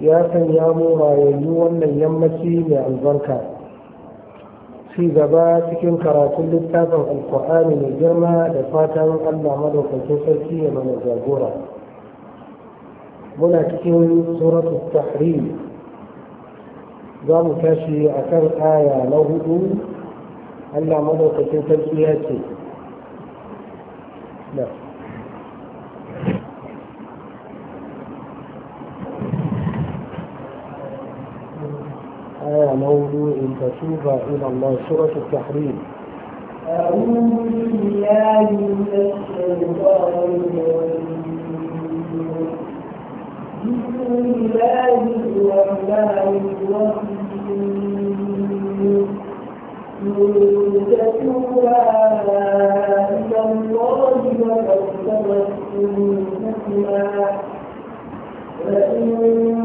ya ya mu rayayyu wannan yammaci mai albarka ci gaba cikin karatun littafin alkur'ani mai girma da fatan allah madaukakin sarki ya mana jagora muna cikin suratu tahrim za mu tashi a kan aya na hudu allah madaukakin sarki ya ce العون إن تتوبا إلى الله سورة التحريم أعوذ بالله من الشيطان الرجيم بسم الله الرحمن الرحيم إن تتوبا إلى الله فقد سبت قلوبكما وإن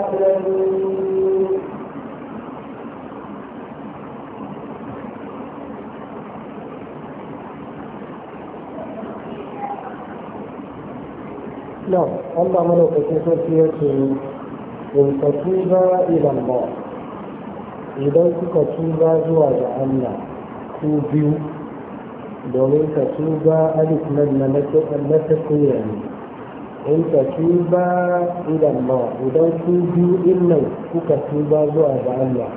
Na, an ba mana kashe sarki ya ce, Rinkatu za idan ba, idan suka tuba zuwa ga ku biyu, domin ka tuba alif nan na nake kan nake in ka tuba idan ma idan ku biyu din nan kuka tuba zuwa ga Allah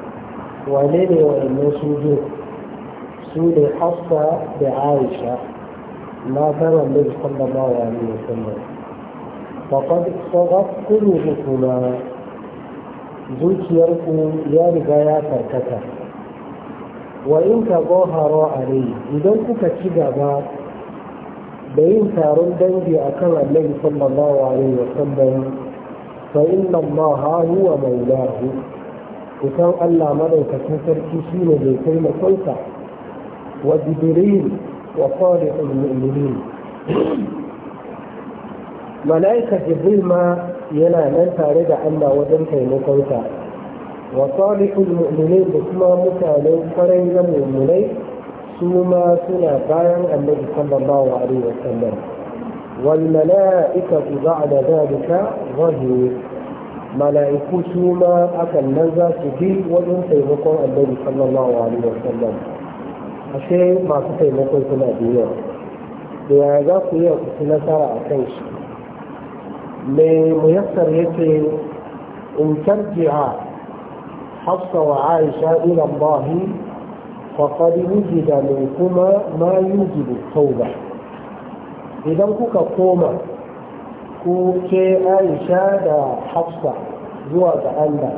wane ne wannan su zo su ne hafsa da aisha na fara da sallallahu alaihi wasallam faqad sagat qulubukuma zuciyarku ya riga ya karkata wa in ka gohara a idan kuka ci gaba da yin taron dangi a kan annabi sallallahu alaihi wa sallam fa inna allaha huwa maulahu kusan allah madaukakin sarki shine mai taimakonsa wa jibril wa salihul mu'minin mala'ika jibril ma yana nan tare da allah wajen taimakonsa wa salihul mu'minin da kuma mutanen farai na mu'minai ثم سنا بايا النبي صلى الله عليه وسلم والملائكة بعد ذلك ظهير ملائكة ثم أكل نزا سبيل وإن تيمكم النبي صلى الله عليه وسلم أشيء ما تيمكم سنا دينا لهذا قوية سنة سارة أكيش لميسر يكي إن ترجع حفصة وعائشة إلى الله faƙari da mai kuma ma yujibu tauba idan kuka koma ku ke aisha da hafsa zuwa ga allah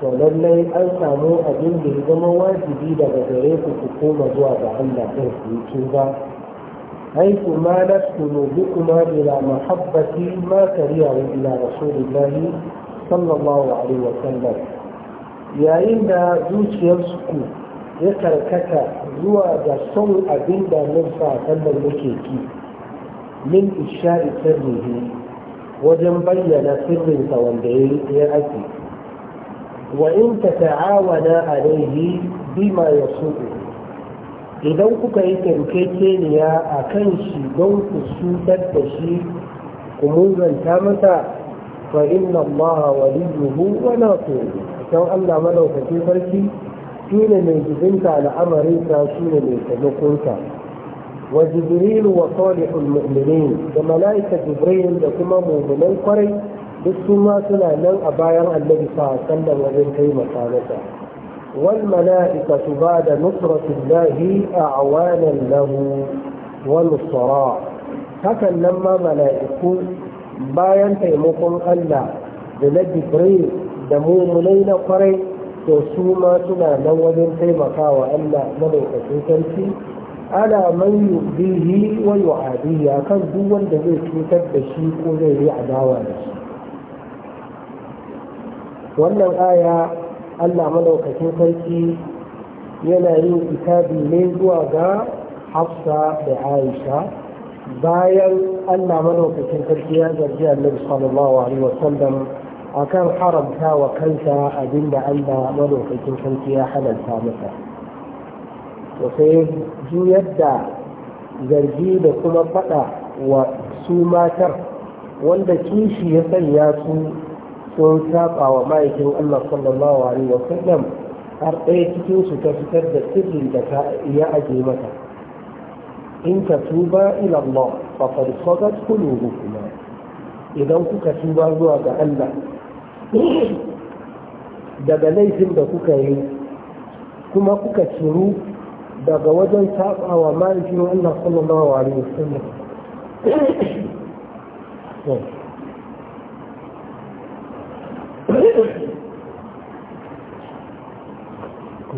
to lallai an samu abin da ya zama wajibi daga gare ku ku koma zuwa ga allah ɗin ku yi tuba حيث bi kuma إلى محبة ما كرهه إلى رسول الله صلى الله عليه وسلم يا إن zuciyarsu ku. ya karkata zuwa da son abin da sa sallan muke ki min ishari sirrihi wajen bayyana sirrinsa wanda ya ake wa in ta ta'awana alaihi bima ya idan kuka yi kyankyakeniya a kan shi don ku cutar da shi ku muzanta masa fa inna allaha waliyuhu wa nasuhu don allah madaukakin sarki shine mai jibinta al'amarin ta ne mai taimakonsa wa jibrilu wa salihul mu'minin da mala'ika jibril da kuma mu'minan kwarai duk su ma suna nan a bayan annabi sa sallan wajen taimaka masa wal mala'ika su ba da nusratullahi a awanan lahu wal sara hakan nan ma mala'iku bayan taimakon Allah da na jibril da mu'minai na kwarai to su ma suna nan wajen taimakawa Allah madaukakin sarki ana man yubihi wa yu'adihi akan duk wanda zai cutar da shi ko zai yi adawa da shi wannan aya Allah madaukakin sarki yana yin kitabi ne zuwa ga Hafsa da Aisha bayan Allah madaukakin sarki ya zargi Annabi sallallahu alaihi wasallam akan haramta wa kansa abinda Allah madaukakin sarki ya halarta masa to sai juyar da zargi da kuma faɗa wa su matar wanda kishi ya sanya su sun saba wa ma'aikin Allah sallallahu alaihi wa sallam har ɗaya cikin su ta fitar da sirrin da ta iya aje mata in ka tuba ila Allah fa qad sadat qulubukum idan kuka tuba zuwa ga Allah daga laifin da kuka yi kuma kuka ciru daga wajen wa ma'aikin Allah sallallahu alaihi wasallam Thank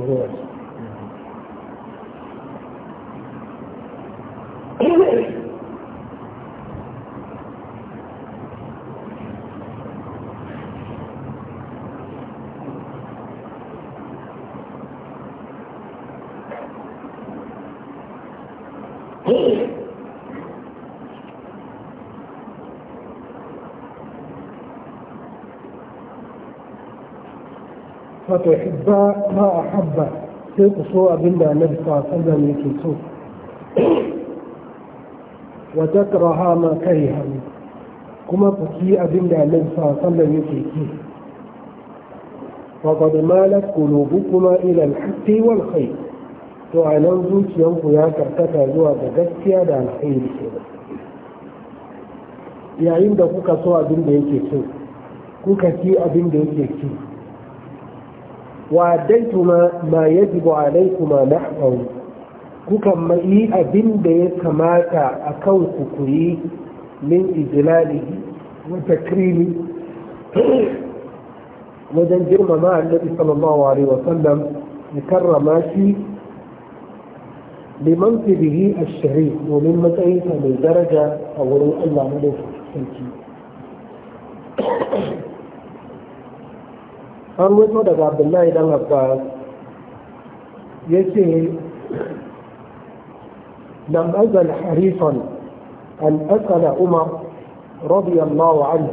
you. ma a habba sai ku so abin da annabi sallallahu yake so wa takraha ma kariha kuma ku ki abin da annabi sallallahu yake ki wa qad malat qulubukuma ila al-haqqi wal to a nan zuciyanku ya karkata zuwa ga gaskiya da alkhairi yayin da kuka so abin da yake so kuka ki abin da yake ki وأديتما ما يجب عليكما نحو kukan mai abin da ya kamata a kan kuyi min ijilali wata krimi wajen girmama annabi sallallahu alaihi wasallam ya karrama shi liman fi bihi ashari domin matsayinsa mai daraja a wurin allah madaukakin sarki an wato daga abdullahi dan abbas ya ce لم أزل حريصا أن أسأل عمر رضي الله عنه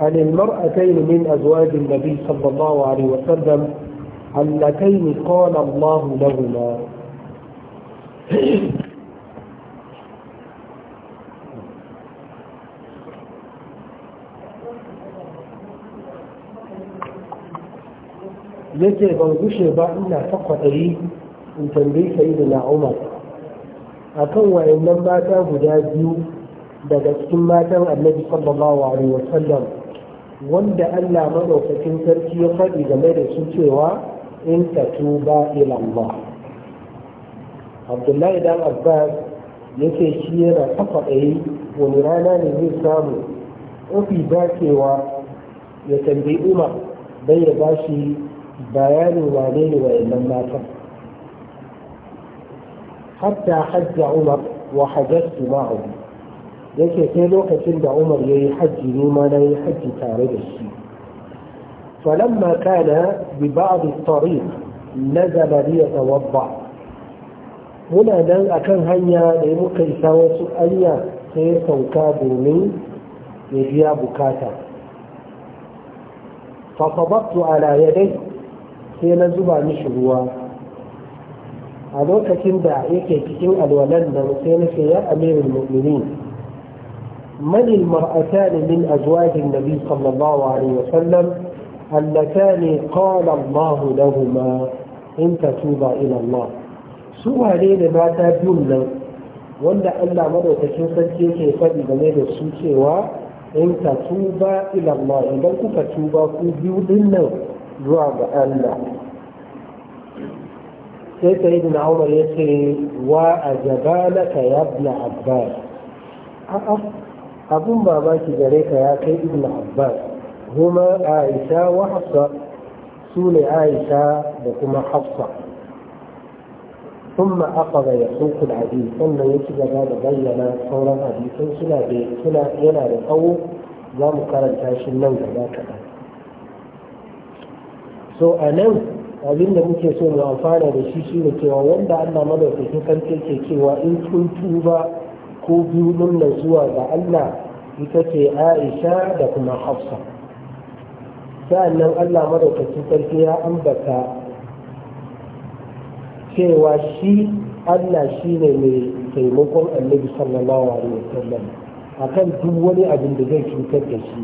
عن المرأتين من أزواج النبي صلى الله عليه وسلم اللتين قال الله لهما yake ban gushe ba ina ta kwaɗari in tambayi sai da na'umar a kan wayannan mata guda biyu daga cikin matan annabi sallallahu alaihi wasallam wanda Allah maɗaukakin sarki ya faɗi game da su cewa in ta tuba ila Allah Abdullahi dan Abbas yake shi yana ta kwaɗari wani rana ne zai samu ofi dacewa ya tambayi Umar bai ya bashi بيان وانين وإمام مات حتى حج عمر وحجزت معه ذلك كان وقت عند عمر يحج نيما لا يحج تارد الشيء فلما كان ببعض الطريق نزل ليتوضع هنا نال أكن هيا لإمكة إساوة سؤالية خير توكا من يجيا بكاتا فطبقت على يديه sai na zuba mishi ruwa a lokacin da yake cikin alwalan nan sai na ce ya amirul mu'minin من المرأتان من أزواج النبي صلى الله عليه وسلم اللتان قال الله لهما in tuba ila Allah su wane ne mata biyun nan wanda Allah madaukakin sarki ke faɗi game da su cewa in tuba ila Allah idan kuka tuba ku biyu din nan zuwa ga Allah sai ta yi dina umar ya ce wa a jabala ka yabna abbas abun babaki gare ka ya kai ibn abbas kuma aisha wa hafsa su aisha da kuma hafsa kuma aka ga ya suku da sannan ya ci gaba da bayyana sauran abi sun suna da yana da tsawo za mu karanta shi nan gaba kaɗan so a nan abin da muke so mu amfana da shi shi da cewa wanda Allah madaukakin sarki ke cewa in kun tuba ko biyu nan zuwa ga Allah ita ce Aisha da kuma Hafsa sa'annan Allah madaukakin sarki ya ambata cewa shi Allah shi ne mai taimakon annabi sallallahu alaihi wasallam akan duk wani abin da zai cutar da shi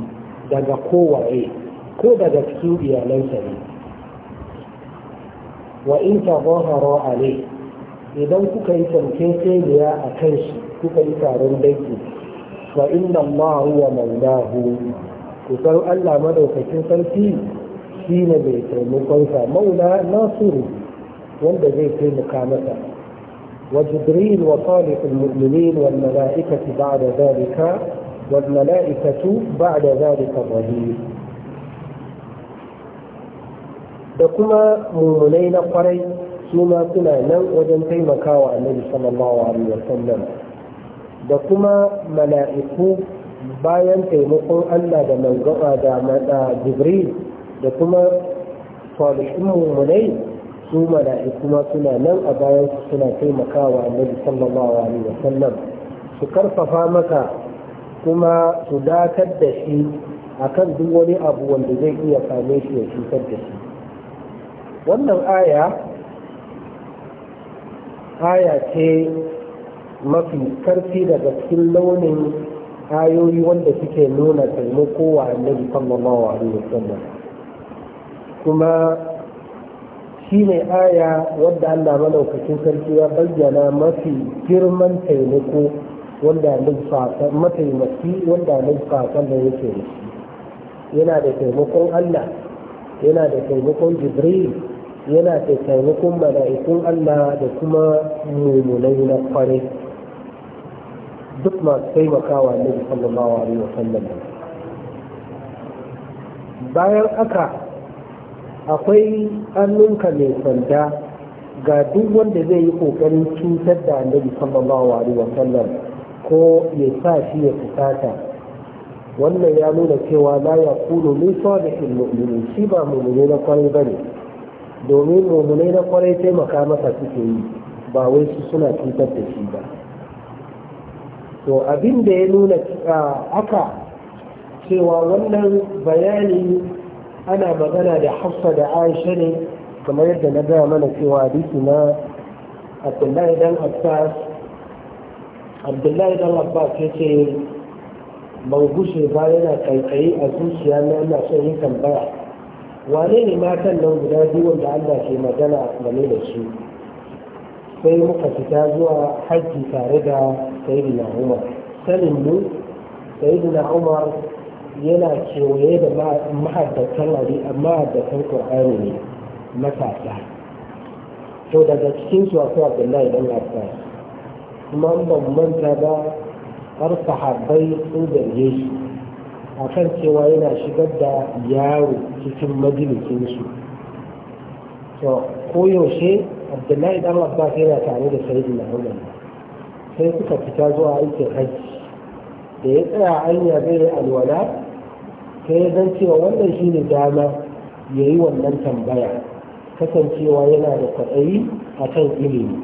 daga kowaye ko daga cikin iyalansa ne وإن تظاهر عليه إذا كنت يتمكيكي أكنش كوكا يتعرون بيتي فإن الله هو مولاه كتر ألا مدو كتر في حين بيت المقنفة مولى ناصر وند بيت مقامته وجبريل وصالح المؤمنين والملائكة بعد ذلك والملائكة بعد ذلك ظهير da kuma mummunai na kwarai su ma suna nan wajen taimakawa annabi sallallahu alaihi wasallam da kuma mala'iku bayan taimakon Allah da mangaba da mada jibril da kuma salihin mummunai su mala'iku ma suna nan a bayan su suna taimakawa annabi sallallahu alaihi wasallam su karfafa maka kuma su dakar da shi akan duk wani abu wanda zai iya same shi ya cutar da shi wannan aya aya ce mafi karfi daga cikin launin ayoyi wanda suke nuna taimako wa annabi sallallahu alaihi wasallam kuma shi ne aya wadda Allah malaukakin sarki ya bayyana mafi girman taimako wanda nufasa mataimaki wanda nufasa sallallahu yake da shi yana da taimakon Allah yana da taimakon Jibril yana da taimakon mala'ikun Allah da kuma mummunai na kwarai duk masu taimakawa ne sallamawa ne wa sallam bayan aka akwai annunka mai sanda ga duk wanda zai yi kokarin cutar da annabi sallallahu alaihi wa sallam ko ya sa shi ya fusata wannan ya nuna cewa la yaqulu min da mu'minin shi ba mu'mini na kwarai bane domin mummunai na kwarai taimaka masa suke yi ba wai su suna cutar da shi ba to abin da ya nuna haka cewa wannan bayani ana magana da hafsa da aisha ne kamar yadda na gaya mana cewa hadisi na abdullahi dan abbas abdullahi dan abbas ya ce ban gushe ba yana kaikayi a zuciya na ina son yin tambaya wane ne matan nan guda biyu wanda Allah ke magana game da su sai muka fita zuwa hajji tare da na Umar sanin mu na Umar yana kewaye da mahaddatan hari mahaddatan Qur'ani ne matasa to daga cikin su akwai Abdullahi dan Abbas kuma ban manta ba har sahabbai sun zarge shi a kan cewa yana shigar da yawo cikin su to koyaushe abdullahi dan abbas yana tare da sayidu na sai suka fita zuwa aikin hajji da ya tsaya hanya zai yi alwala sai ya zan cewa wannan shi ne dama ya yi wannan tambaya kasancewa yana da kwaɗayi a kan ilimi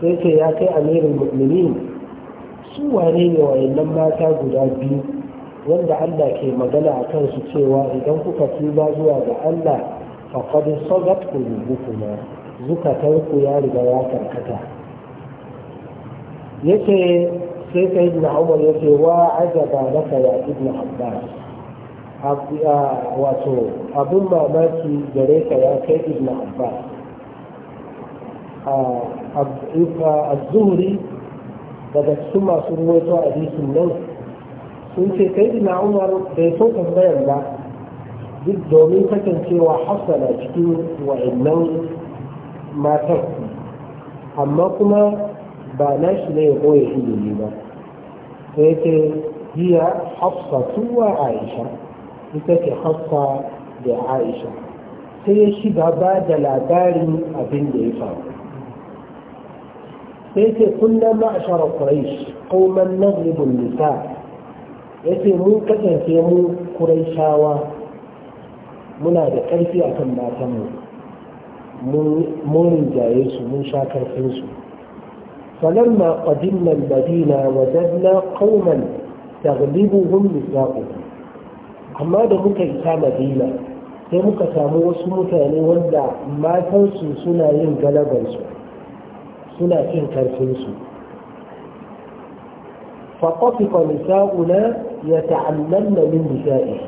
sai ce ya kai amirin mu'minin su wane ne wayannan mata guda biyu wanda Allah ke magana a kansu cewa idan kuka tuba zuwa ga Allah faqad sagat qulubukum zukatan ku ya riga ya karkata yace sai sai ibn Umar yace wa ajaba laka ya ibn Abbas wato abin mamaki gare ka ya kai ibn Abbas a az daga cikin masu ruwaito a hadisin nan sun ce sai ina umar bai so tambayar ba duk domin kasancewa na cikin wa'annan matan amma kuma ba na shi ne ya koya ilimi ba sai jiya hiya hafsatu wa aisha ita ce hafsa da aisha sai ya shiga ba da labarin abin da ya faru sai ce kullum ma'ashara quraish qauman naghlibu nisa yace mun kasance mu kuraishawa muna da ƙarfi kan matanmu mun rinjaye su mun sha karfinsu na قدمنا المدينة وجدنا قوما تغلبهم نساؤهم Amma da muka isa Madina sai muka samu wasu mutane wanda matansu suna yin galabansu suna cin karfinsu فطفق نساؤنا يتعلمن من نسائه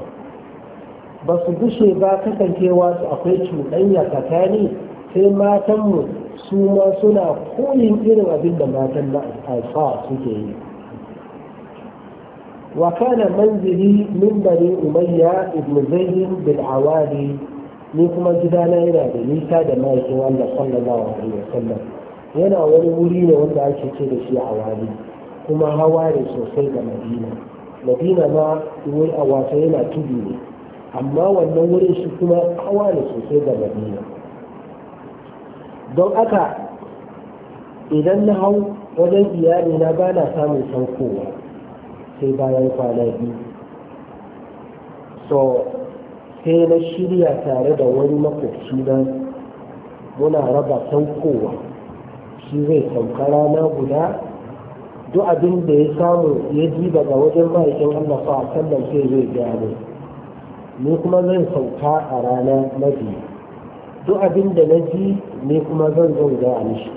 بس gushe ba kasancewa su akwai cuɗanya tsakani sai matanmu su ma suna koyin irin abinda matan na suke yi Wakana kana manzili min bani umayya ibn zayd bil ni kuma gidana yana da nisa da ma'aikin Allah sallallahu alaihi wasallam yana wani wuri ne wanda ake ci da shi a wali. kuma hawa ne sosai ga madina madina ma wuri a wasa yana tudu ne amma wannan wurin shi kuma hawa ne sosai ga madina don aka idan na hau wajen iyali na ba na samun saukowa sai bayan kwana biyu so sai na shirya tare da wani makwabci na muna raba saukowa shi zai sauka rana guda duk abin da ya samu ya ji daga wajen ma'aikin Allah fa a sallan sai zai gane ni kuma zan sauka a rana mafi duk abin da na ji ni kuma zan zan gaya mishi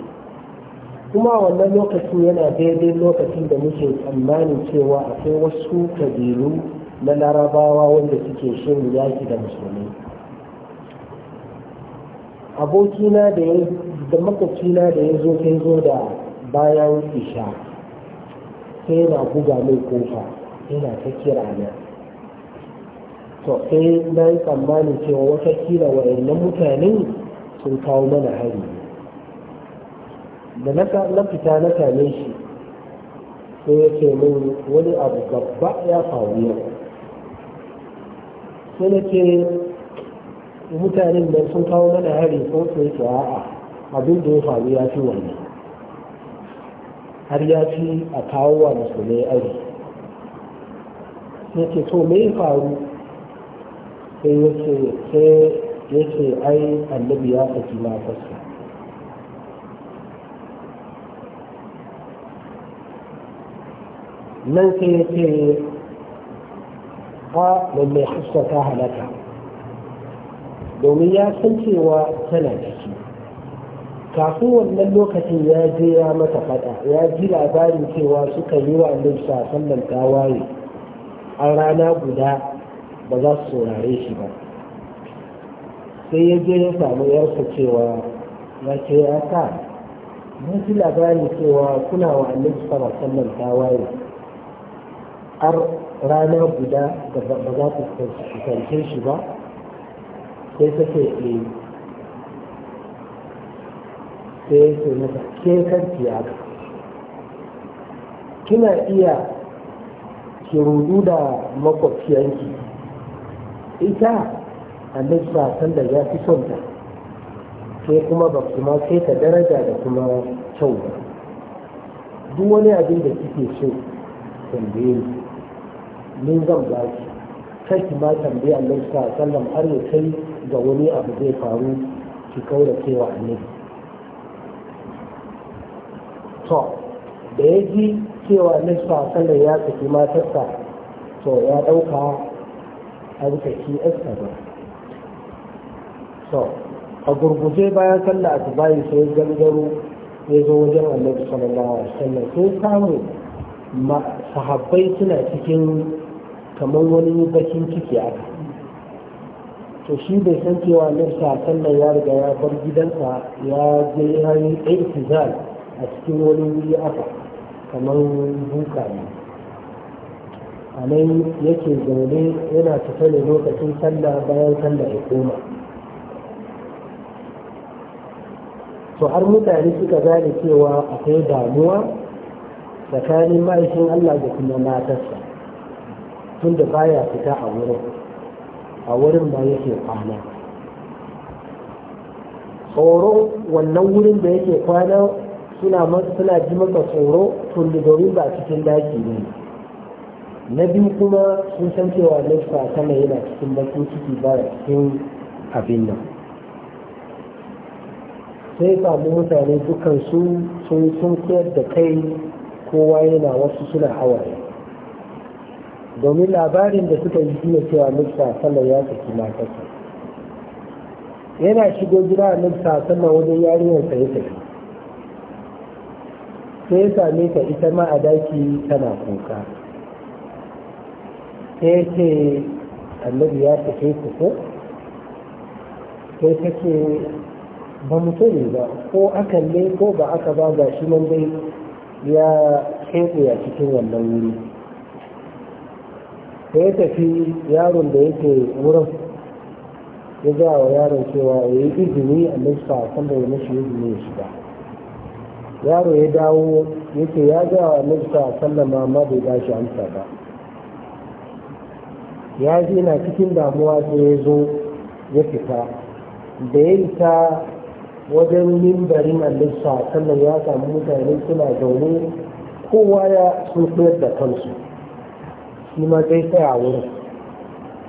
kuma wannan lokacin yana daidai lokacin da muke tsammanin cewa akwai wasu kabilu na larabawa wanda suke shin yaki da musulmi abokina da ya da da ya zo kai zo da bayan isha sai yana buga mai kofa yana ta kira na to sai na yi tsammanin cewa wata kila wa'annan mutane sun kawo mana hari da na fita na same shi sai ya ce min wani abu gaba ya faru yau sai na ce mutanen da sun kawo mana hari ko sai a'a abin da ya faru ya fi wannan har ya ci a kawo wa musulmai ari ya ce to me faru sai ya ce sai ya ce ai annabi ya saki fasa nan sai ya ce ha lallai hafsa ta halaka domin ya san cewa tana da shi kafin wannan lokacin ya je ya mata fada ya ji labarin cewa suka yi wa annabi sallan tawaye a rana guda ba za su saurare shi ba sai ya je ya samu yarsa cewa ya ce ya sa na ji labarin cewa kuna wa annabi sallan tawaye a rana guda ba za ku kusance shi ba sai ta ce eh. sai yake mata ke kanki ya kina iya ki rudu da makwabciyanki ita a nufa san da ya fi son ta sai kuma ba ma sai ta daraja da kuma kyau ba duk wani abin da kike so tambaye ni ni zan ba ki kai ki ma tambaye annabi sallallahu alaihi har ya kai ga wani abu zai faru ki kaura cewa annabi to da ya ji cewa nisa sallar ya tafi matarsa to ya ɗauka an tafi yarsa ba to a gurguje bayan sallar asubahi sai gangaro ya zo wajen annabi sallallahu alaihi wasallam sun samu sahabbai suna cikin kamar wani bakin ciki aka to shi bai san cewa nisa sallar ya riga ya bar gidansa ya je ya yi ɗan a cikin wani wuri aka kamar buka ne a nan yake zaune yana fita ne lokacin sallah bayan sallah ya koma to har mutane suka gane cewa akwai damuwa tsakanin ma'aikin Allah da kuma matarsa tun da baya fita a wurin a wurin ba yake kwana tsoron wannan wurin da yake kwana suna suna ji maka tsoro tunda domin ba cikin daki ne na biyu kuma sun san cewa laifa sama yana cikin bakin ciki ba cikin abin nan sai samu mutane dukan su sun sun koyar da kai kowa yana wasu suna hawaye domin labarin da suka yi shine cewa laifa sama ya saki matarsa yana shigo gida a sama wajen yarinyar ya saki sai ya same ka ita ma a daki tana kuka sai ce annabi ya tafi ku ko sai ta ce ba mu ba ko aka ne ko ba aka ba ga shi nan dai ya keɓe a cikin wannan wuri sai tafi yaron da yake wurin ya ga wa yaron cewa ya yi izini a kan da ya mashi izini ya shiga yaro ya dawo yake ya ga wa nufsa sallama amma bai ba shi amsa ba ya ji na cikin damuwa sai ya zo ya fita da ya isa wajen mimbarin alisa sannan ya samu mutane suna zaune kowa ya sun da kansu shi ma zai tsaya wurin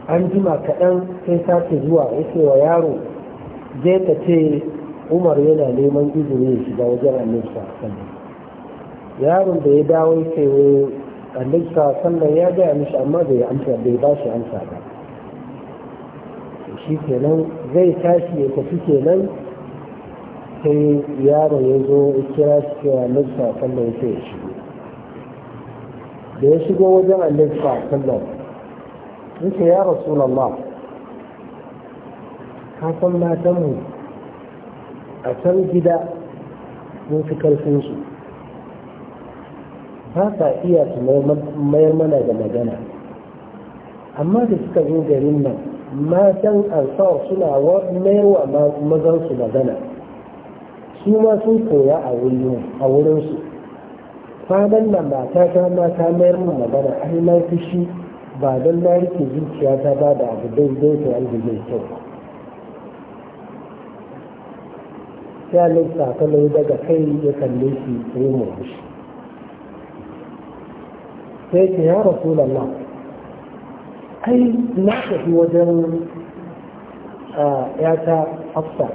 an jima kaɗan sai sake zuwa ya ce wa yaro zai ka ce umar yana neman izini ya shiga wajen annabi sallallahu yaron da ya dawo ya ce annabi sallan ya gaya mishi amma bai amsa bai ba shi amsa ba shi kenan zai tashi ya tafi kenan sai yaron ya zo ya kira shi ke annabi sa ya sai ya shigo da ya shigo wajen annabi sallallahu ya ce ya rasulullah ka san matan mu a can gida mun fi karfin su ba sa iya su mayar mana da magana amma da suka zo garin nan matan ansar suna mayar wa mazan su magana su ma sun koya a wurinsu kwanan nan mata ta mata mayar mana magana a na fushi ba don na rike ta ba da abu daidai to an da kyau sai annabi daga kai ya kalle shi sai mu shi sai ce ya rasulullah ai na tafi wajen yata hafsa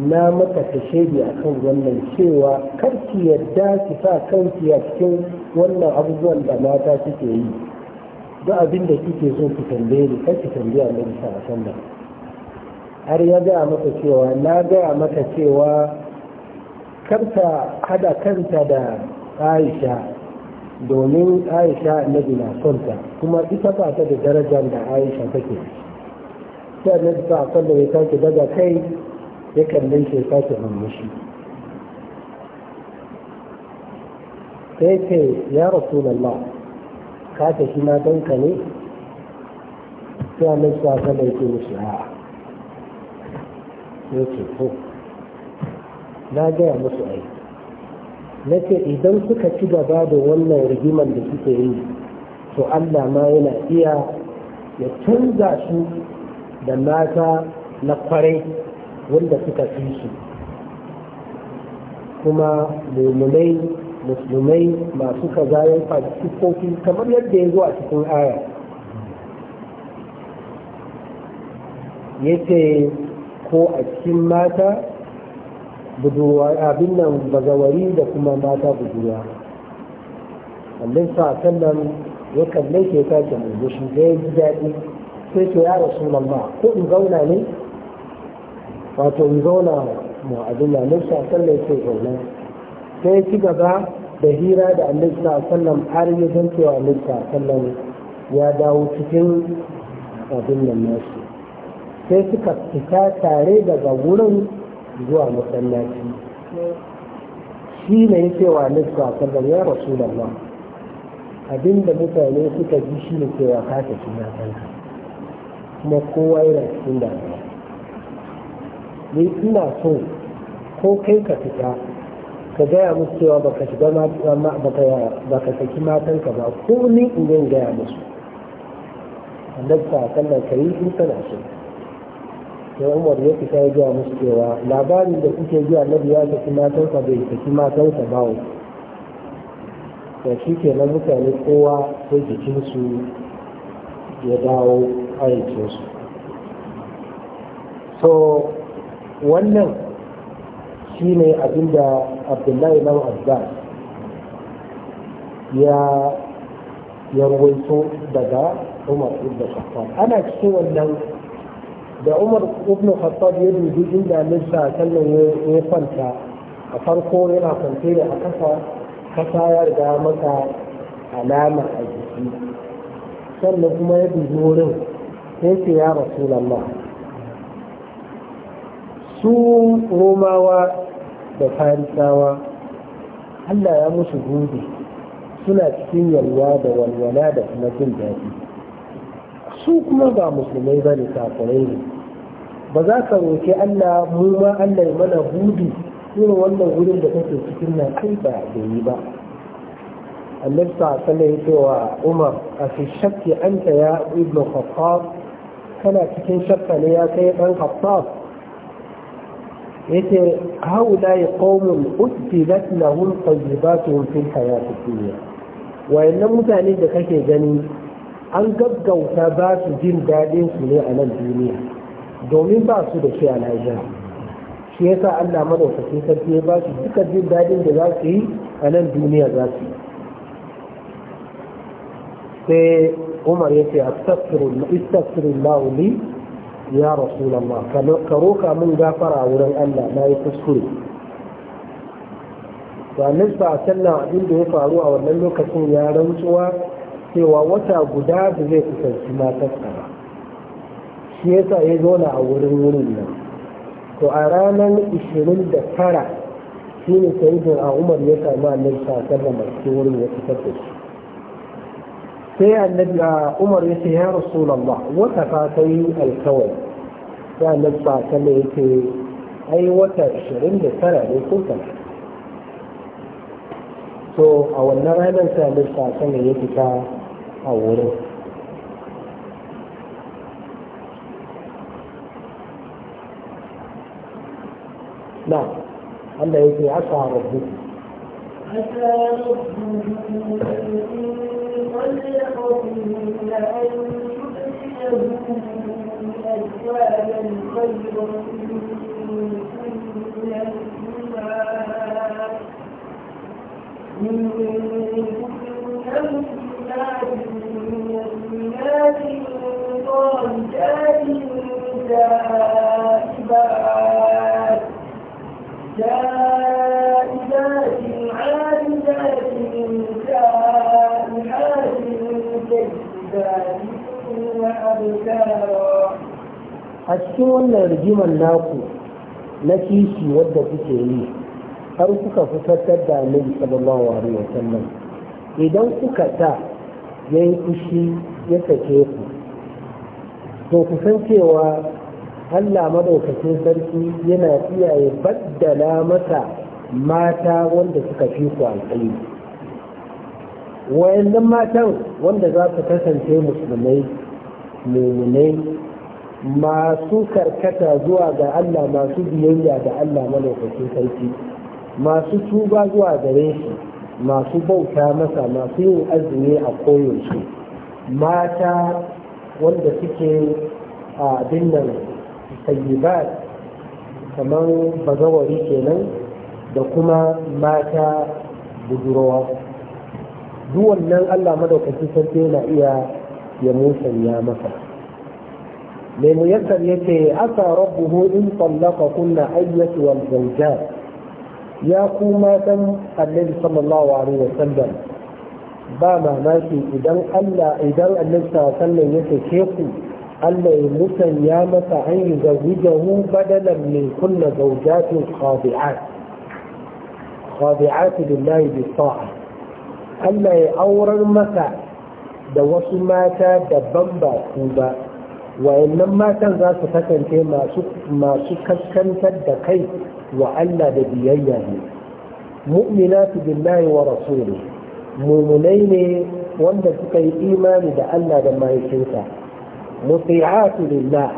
na mata ta shaidi a kan wannan cewa karki yadda ki sa kanki a cikin wannan abubuwan da mata suke yi duk abinda da kike so ki tambaye ni kar ki tambaya na bisa a har ya gaya maka cewa na gaya maka cewa karta hada kanta da aisha domin aisha na na sonta kuma ita ba ta da darajar da aisha take Ta annabi sa a kwallon ya sake daga kai ya kallon shi ya sake mamashi. sai ce ya Allah ka shi na danka ne sai annabi sa a ya yake ko na gaya musu ai na ce idan suka ci gaba da wannan rigimar da suke yi to Allah ma yana iya ya canza su da mata na kwarai wanda suka fi su kuma mummunai musulmai masu kaza ya kamar yadda ya zo a cikin aya yake ko a cikin mata budurwa abin nan bazawari da kuma mata budurwa wannan sa sallan ya kalle ke ke murmushi da ya ji daɗi sai ke ya sunan ba ko in zauna ne wato in zauna mu abin nan allai sa sallan sai zauna sai ci gaba da hira da allai sa sallan har ya zanto allai sa sallan ya dawo cikin abin nan nasu sai suka fita tare daga wurin zuwa masallaci shi ne ya cewa nufka sallan ya rasu da abinda mutane suka ji shi ne cewa ka tafi na kanka kuma kowa yana cikin damuwa ni ina so ko kai ka fita ka gaya musu cewa baka shiga baka saki matanka ba ko ni in gaya musu annabi sallan ka kari in kana so sai umar ya fita ya gaya musu cewa labarin da kuke ji annabi ya saki matansa bai tafi matansa ba wa shi ke na mutane kowa sai jikinsu ya dawo ayyacinsu so wannan shi ne abinda abdullahi nan abbas ya yarwaito daga umar ibn shakkar ana cikin wannan da umar ibn khattab ya dubi inda nisa sallan ya kwanta a farko yana kwanta da a kasa kasa ya riga maka alama a jiki sannan kuma ya dubi wurin sai ce ya rasulallah su romawa da farisawa allah ya musu gudu suna cikin yalwa da walwala da kuma jin daɗi su kuma ba musulmai ba ne kafirai ne ba za ka roƙi Allah mu ma Allah ya mana hudu irin wannan wurin da kake cikin na kai ba da yi ba annabi sa sallallahu ya ce wa Umar a fi shakki anta ya ibnu Khattab kana cikin shakka ne ya kai dan Khattab yace haula'i qaumun uddilat lahum tayyibatuhum fil hayatid dunya wa mutane da kake gani an gaggauta ba su jin daɗin su ne a nan duniya domin ba su da shi a lahira shi yasa Allah madaukakin sarki ya ba su duka jin daɗin da za su yi a nan duniya za su yi sai Umar ya ce astaghfirullahu li ya rasulullah ka roka mun gafara wurin Allah na yi kuskure to annabi sallallahu alaihi abin da ya faru a wannan lokacin ya rantsuwa cewa wata guda da zai kusanci matarsa ba shi yasa ya zauna a wurin wurin nan to a ranar 29 shi ne sayidin a umar ya sami annabi sa da masu wurin ya fitar da shi sai annabi a umar ya ce ya rasulallah wata fa ta yi alkawari sai annabi sa sallam ya ce ai wata 29 ne ko kana so a wannan ranar sai annabi sa sallam ya fita a نعم هل يجي عسى ربه عسى ربه إن طلقتن أن يبدله أزواجا خيرا منكن a cikin wannan rigimar naku na kishi wadda kuke yi har kuka fitattar da annabi sallallahu alaihi wasallam idan kuka ta yayin fushi ya sake ku to ku san cewa Allah madaukakin sarki yana kiyaye baddala masa mata wanda suka fi ku alƙali wayannan matan wanda za su kasance musulmai muminai masu karkata zuwa ga Allah masu biyayya ga Allah malaukakin sarki masu tuba zuwa gare shi masu bauta masa masu yin azumi a koyon su. mata wanda suke a dinnan sayyibat kamar bazawari kenan da kuma mata budurwa duk wannan allah madaukakin sarki yana iya ya musanya maka mu ya yake asa rabbuhu in tsallaka kunna ayyatu wal zawjat ya ku matan annabi sallallahu alaihi wasallam ba mamaki idan Allah idan annabi ya sake ku Allah ya ya masa an yi zawujahu badalan min kunna zawjatin khadi'at khadi'at billahi bi ta'a Allah ya aurar masa da wasu mata daban ba ku ba wayannan matan za su kasance masu masu kaskantar da kai wa Allah da biyayya ne mu'minatu billahi wa rasulihi mumunai ne wanda suka yi imani da Allah da mahaifinsa musi'atu lillah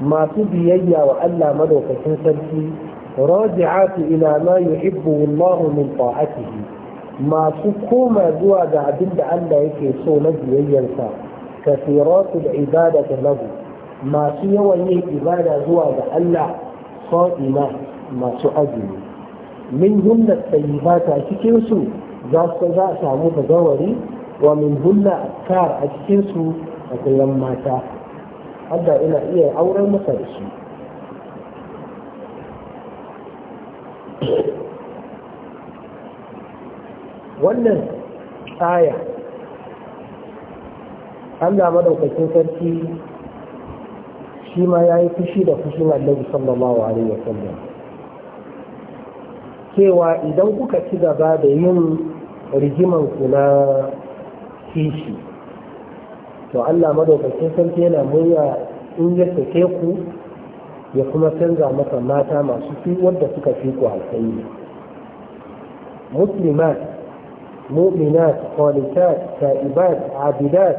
masu biyayya wa Allah madaukakin sarki raji'atu ila ma yuhibbu Allah min ta'atihi masu koma zuwa ga abin da Allah yake so na biyayyarsa kasiratu da ibada da lahu masu yawan yin ibada zuwa ga Allah sa'ima masu azumi min hunna tayyibata cikin su za su za a samu gawari wa min hunna kar a cikin su a kullum mata hadda ina iya auren masa da shi wannan an Allah madaukakin sarki shi ma ya yi fushi da fushin annabi sallallahu alaihi wa sallam cewa idan kuka ci gaba da yin rigiman na kishi to Allah madaukakin sarki yana murya in ya sake ku ya kuma canza masa mata masu fi wadda suka fi ku alkhairi muslimat mu'minat qalitat sa'ibat abidat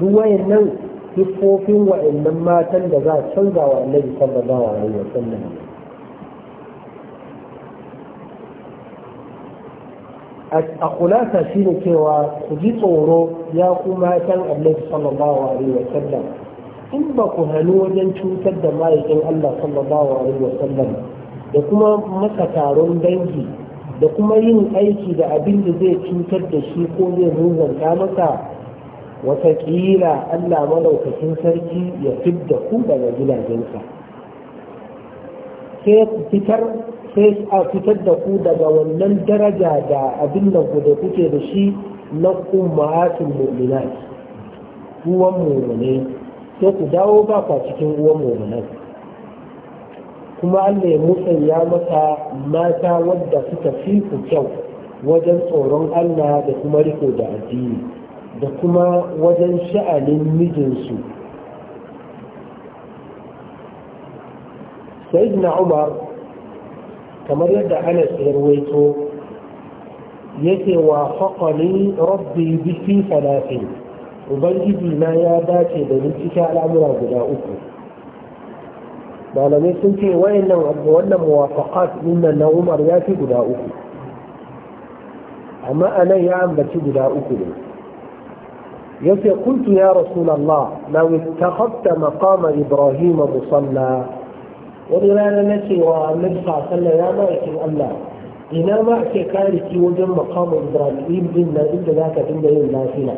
duk wayannan kiffofin waɗannan matan da za a canza wa annabi sallallahu alaihi wasallam a kulasa shi ne cewa ku ji tsoro ya kuma san annabi sallallahu alaihi wa sallam in ba ku hannu wajen cutar da ma'aikin Allah sallallahu alaihi wa sallam da kuma masa taron dangi da kuma yin aiki da abin da zai cutar da shi ko zai ruzanta masa ƙila Allah malaukakin sarki ya fidda ku daga gidajensa sai fitar sai a fitar da ku daga wannan daraja da abin da ku da kuke da shi na ummatul mu'minat uwan mu'minai sai ku dawo ba kwa cikin uwan mu'minai kuma Allah ya musanya masa mata wadda suka fi ku kyau wajen tsoron Allah da kuma riko da addini da kuma wajen sha'anin mijinsu sayyidina Umar kamar yadda anas ya ruwaito yake wa faƙani rabbi biki salatin ubangiji na ya dace da ni cikin al'amura guda uku malamai sun ce wayannan wannan muwafaqat dinnan na Umar ya fi guda uku amma anan ya ambaci guda uku ne yace kuntu ya rasulullah law ittakhadta maqama ibrahima musalla wani rana na cewa annabi sallallahu ya ma'aikin Allah ina ma ake kare ki wajen makamu Ibrahim din nan inda za ka dinga yin lafiya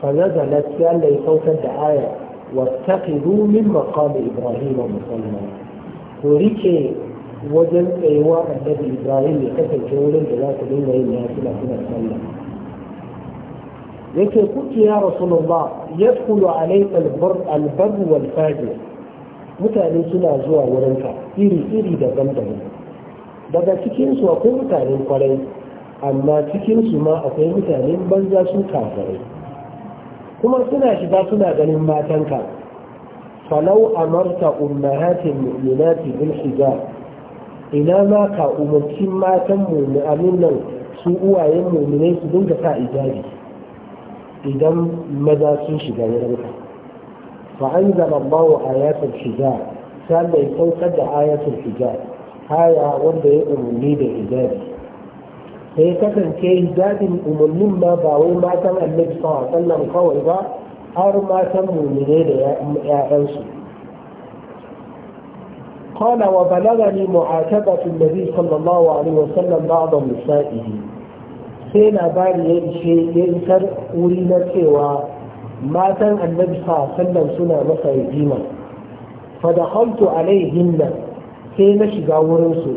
fa nazalat ya Allah ya saukar da aya wattaqidu min makamu Ibrahim musalla ko rike wajen tsayuwa annabi Ibrahim ya kasance wurin da za ka dinga yin lafiya kuna sallah yake kuki ya rasulullah yadkhulu alayka al-barr al-barr wal-fajr mutane suna zuwa wurinka iri-iri daban-daban daga cikinsu akwai mutane kwarai amma cikinsu ma akwai mutane banza su kafirai kuma suna shiga suna ganin matanka falau amarta ummahatin mu'minati bil hijab ina ma ka umarci matan mu'minin nan su uwayen mu'minai su dinga sa ijabi idan maza sun shiga wurinka فأنزل الله آيات الحجاب كان يتوقد آية الحجاب هاي وانده يؤمني بحجابي sai kasance daɗin umarnin ma ba wai matan annabi sallallahu alaihi wasallam kawai ba har matan mumine da ƴaƴansu قال وبلغني معاتبة النبي صلى الله عليه وسلم بعض نسائه سينا باري يشي ينكر أولينا سوى matan annabi sa sallan suna masa yajima fa dakhaltu alaihinna sai na shiga wurin su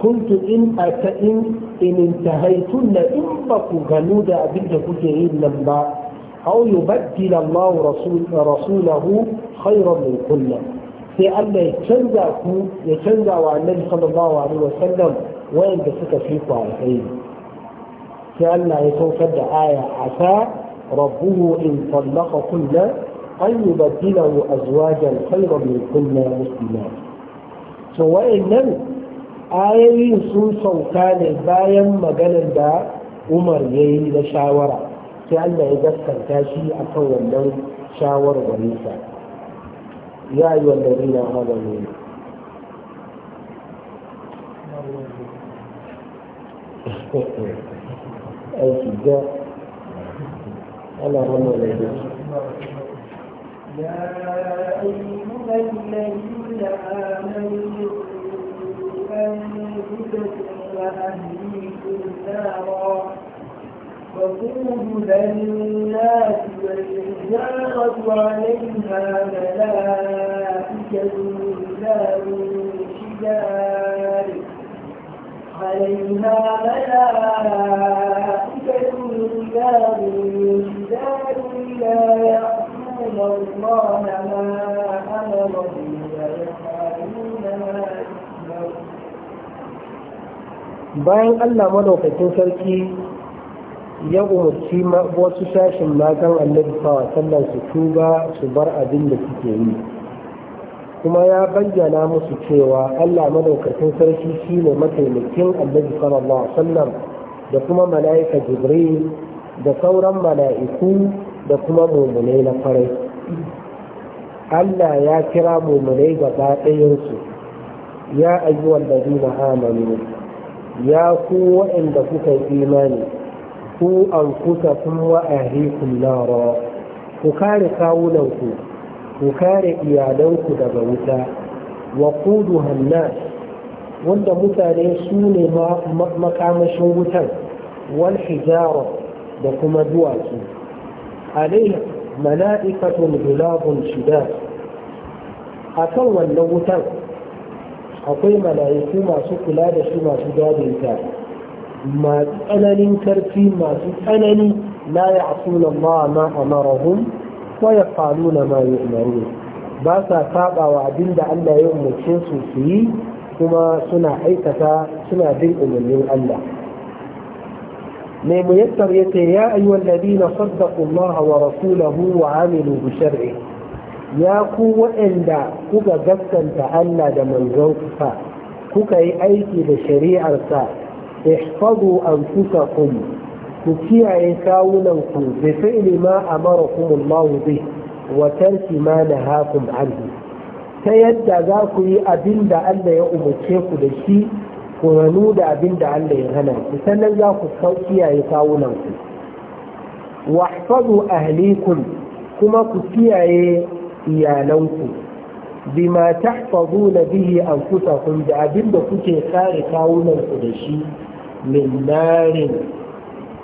kuntu in ata in in intahaytunna in ba ku ganu da abin da kuke yin nan ba aw yubaddil Allah rasul rasulahu khayran min kulli sai Allah ya canza ku ya canza wa annabi sallallahu alaihi wasallam wayanda suka fi ku alkhairi sai Allah ya saukar da aya asa ربه إن طلق كل أن يبدله أزواجا خيرا من كل مسلمات سواء لم آيه سوسو كان بايا مجالا دا عمر يهي لشاورة كأن إذا استنتاشي أقوى لو شاور وليسا يا أيها الذين آمنوا أي شيء اللهم إليك يا أيها الذين آمنوا أنفسكم وأهليكم نارا وقودها الناس والحجارة عليها ملائكة من شجار عليها ملائكة bayan Allah madaukakin sarki ya umarci wasu sashin matan annabi sawa sallan su tuba su bar abin da suke yi kuma ya bayyana musu cewa Allah madaukakin sarki shi ne mataimakin annabi sallallahu alaihi wasallam da kuma mala'ika jibril da sauran mala'iku da kuma mummunai na farai Allah ya kira mummunai gaba ɗayansu ya ayyuwan da zina amanu ya ku waɗanda kuka yi imani ku an kusa kun wa'ari kullara ku kare kawunanku ku kare iyalanku daga wuta wa kudu hannas wanda mutane su ne makamashin wutan wal hijara da kuma duwatsu alaihi mala'ikatun gulabun shida a kan wannan wutan akwai mala'iku masu kula da shi masu gadinta masu tsananin karfi masu tsanani la ya asuna ma na amarahum wa ya na ma yi ba sa saba wa abin da Allah ya umarce su su yi kuma suna aikata suna bin umarnin Allah mai muyassar ya ce ya ayyuwan na saddaqu Allah wa rasulahu wa Aminu bu shar'i ya ku waɗanda kuka gaskanta Allah da manzonsa kuka yi aiki da shari'arsa kuka anfusakum ku kiyaye kawunan ku bi fi'li ma kuma Allah bi wa tarki ma nahakum anhu ta yadda za ku yi abin da Allah ya umarce ku da shi ku ranu da abin da Allah ya hana ku sannan za ku kiyaye kawunan ku wahfadu ahlikum kuma ku kiyaye iyalanku bima tahfazuna bihi anfusakum da abin da kuke kare kawunan ku da shi min narin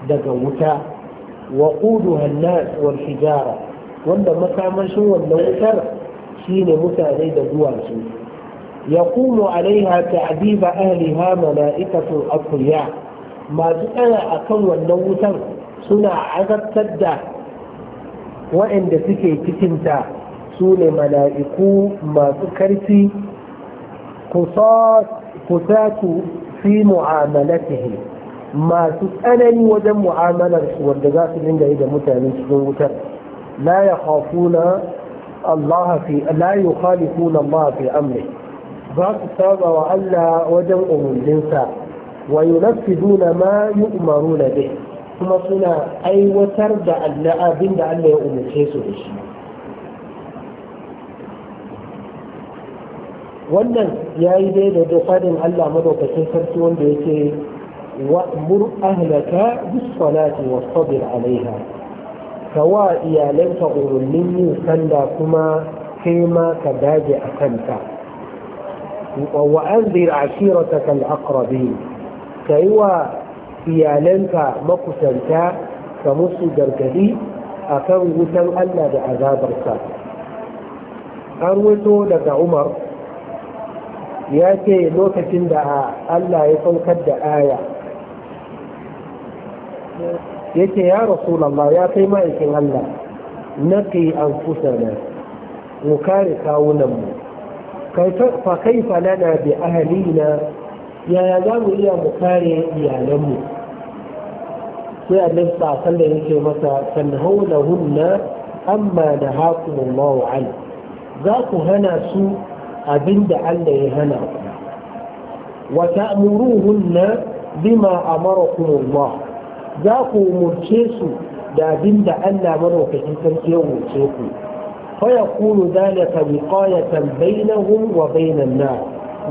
daga wuta wa quduha an wal hijara wanda makamashin wannan wutar shine mutane da duwatsu yaqumu alaiha ta'diba ahliha mala'ikatu aqliya masu tsaya akan wannan wutan suna azabtar da waɗanda suke cikinta su ne mala'iku masu karfi kusatu fi mu'amalatihi masu tsanani wajen mu'amalar wanda za su dinga yi da mutane cikin wutar la ya Allah fi la yukhalifuna Allah fi amri za su saba wa Allah wajen umurninsa wa yunaffiduna ma yu'maruna bih kuma suna aiwatar da abinda da Allah ya umarce su da shi wannan ya yi daidai da fadin Allah madaukakin sarki wanda yake wa'mur ahlaka bis wasu wastabir alaiha ka wa iyalanka umarnin yin sanda kuma kai ma ka dage a kanta wa anzir ashirataka akrabi Ka yi wa iyalanka makusanta ka musu gargadi akan wutan Allah da azabarsa an wato daga Umar ya ce lokacin da Allah ya saukar da aya yake ya rasulallah ya kai ma'aikin Allah na kai an kusa na mu kare kawunanmu fa kai falana bi ahalina yaya za mu iya mu kare iyalanmu sai annabi sa sallan yake masa tanhawnahunna amma da Allahu an za ku hana su abinda Allah ya hana ku wa ta'muruhunna bima amarakum Allah za ku umurce su da abin da Allah madaukakin sarki ya umurce ku fa yakunu zalika wiqayatan bainahum wa bainan na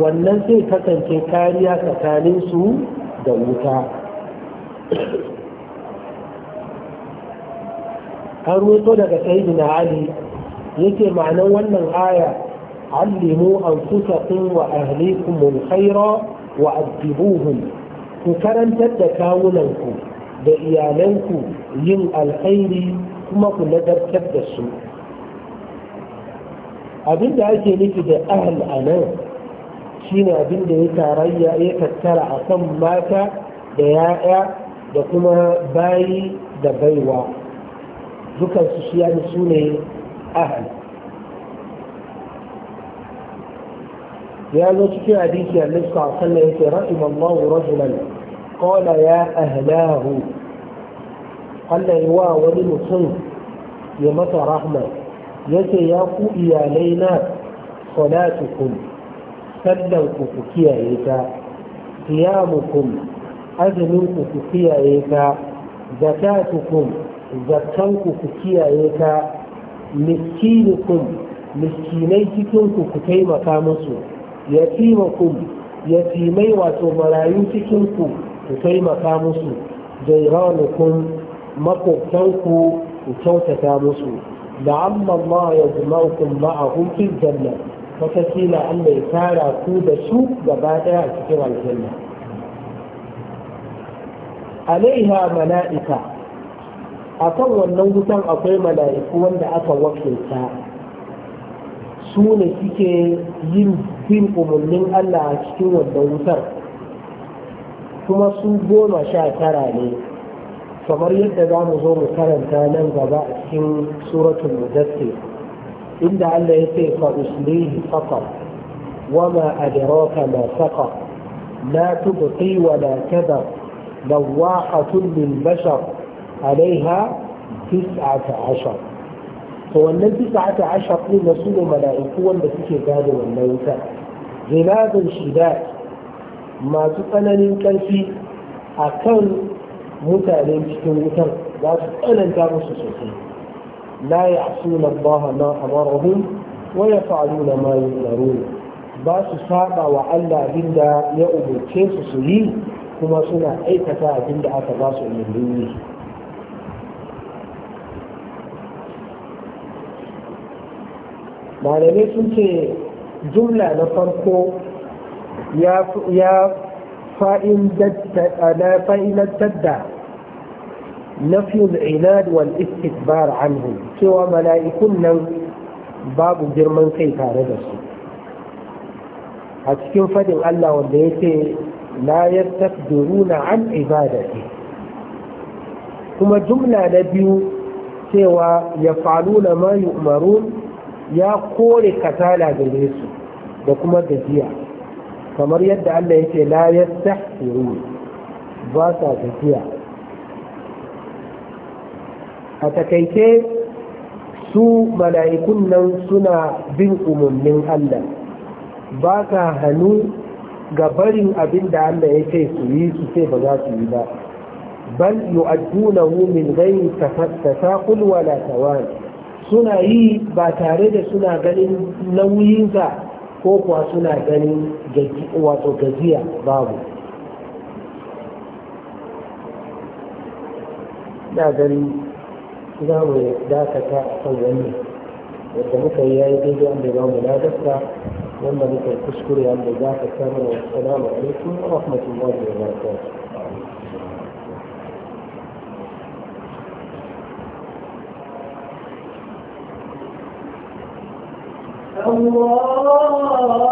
wannan zai kasance kariya tsakanin su da wuta an ruto daga sayyidina ali yake ma'anar wannan aya allimu anfusakum wa ahlikum alkhaira wa addibuhum ku karantar da kawunanku da iyalanku yin alkhairi kuma ku nadartar da su abin da ake nufi da ahal a nan shi ne abin da ya tarayya ya tattara a kan mata da ya'ya da kuma bayi da baiwa dukansu shi ya su ne ahal ya zo cikin hadisi a sallallahu alaihi wasallam yake rahimallahu rajulan qala ya ahlahu Allah ya wa wani mutum ya mata rahma yake ya ku iyalai na salatukum sallan ku ku kiyaye ta siyamukum azumin ku ku kiyaye ta zakatukum zakkan ku ku kiyaye ta miskinukum miskinai cikin ku ku taimaka musu yatimakum yatimai wato marayu cikin ku ku taimaka musu jairanukun makwabtanku ku kyautata musu la'amma ma ya jima'ukum ma'ahum fil janna watakila Allah ya tara ku da su gaba ɗaya a cikin aljanna alaiha mala'ika akan wannan wutan akwai mala'iku wanda aka wakilta su ne suke yin bin umarnin Allah a cikin wannan wutar kuma su goma sha tara ne kamar yadda za mu zo mu karanta nan gaba a cikin suratul mudassir inda Allah ya ce fa uslihi saqar wama adraka ma saqar la tubqi wa la kadar lawaqatun lil bashar alaiha 19 to wannan 19 din na su mala'iku wanda suke gado wannan wuta zinadun shida masu tsananin ƙarfi akan متعلم شكون متعلم لكن أنا انتعب الشيخين لا يعصون الله ما أمرهم ويفعلون ما يؤمرون باس ساقا وعلا بندا يؤمر كيف سليم كما سنة أي كفاء بندا أتباس المهلوني ما لديك انت جملة نفرقو يا يا فإن تدى فإن تدى nafiyul inad wal istikbar anhu cewa mala'ikun nan babu girman kai tare da su a cikin fadin Allah wanda yake la yastakbiruna an ibadati kuma jumla na biyu cewa ya faluna ma umaru ya kore kasala gare su da kuma gajiya kamar yadda Allah yake la yastahsirun ba sa gajiya a takaice su mala'ikun nan suna bin umarnin Allah ba ka hannu ga barin abin da Allah ya ce su yi su sai ba za su yi ba bal yu'addunahu min ta tasaqul wala tawan suna yi ba tare da suna ganin nauyinsa ko kuwa suna ganin wato gajiya babu da gani za mu dakata kan wani wadda muka yi yayi daidai wanda za mu ladarsa wanda muka yi kuskure wanda za ka samu assalamu alaikum wa rahmatullahi wa barakatuh Allah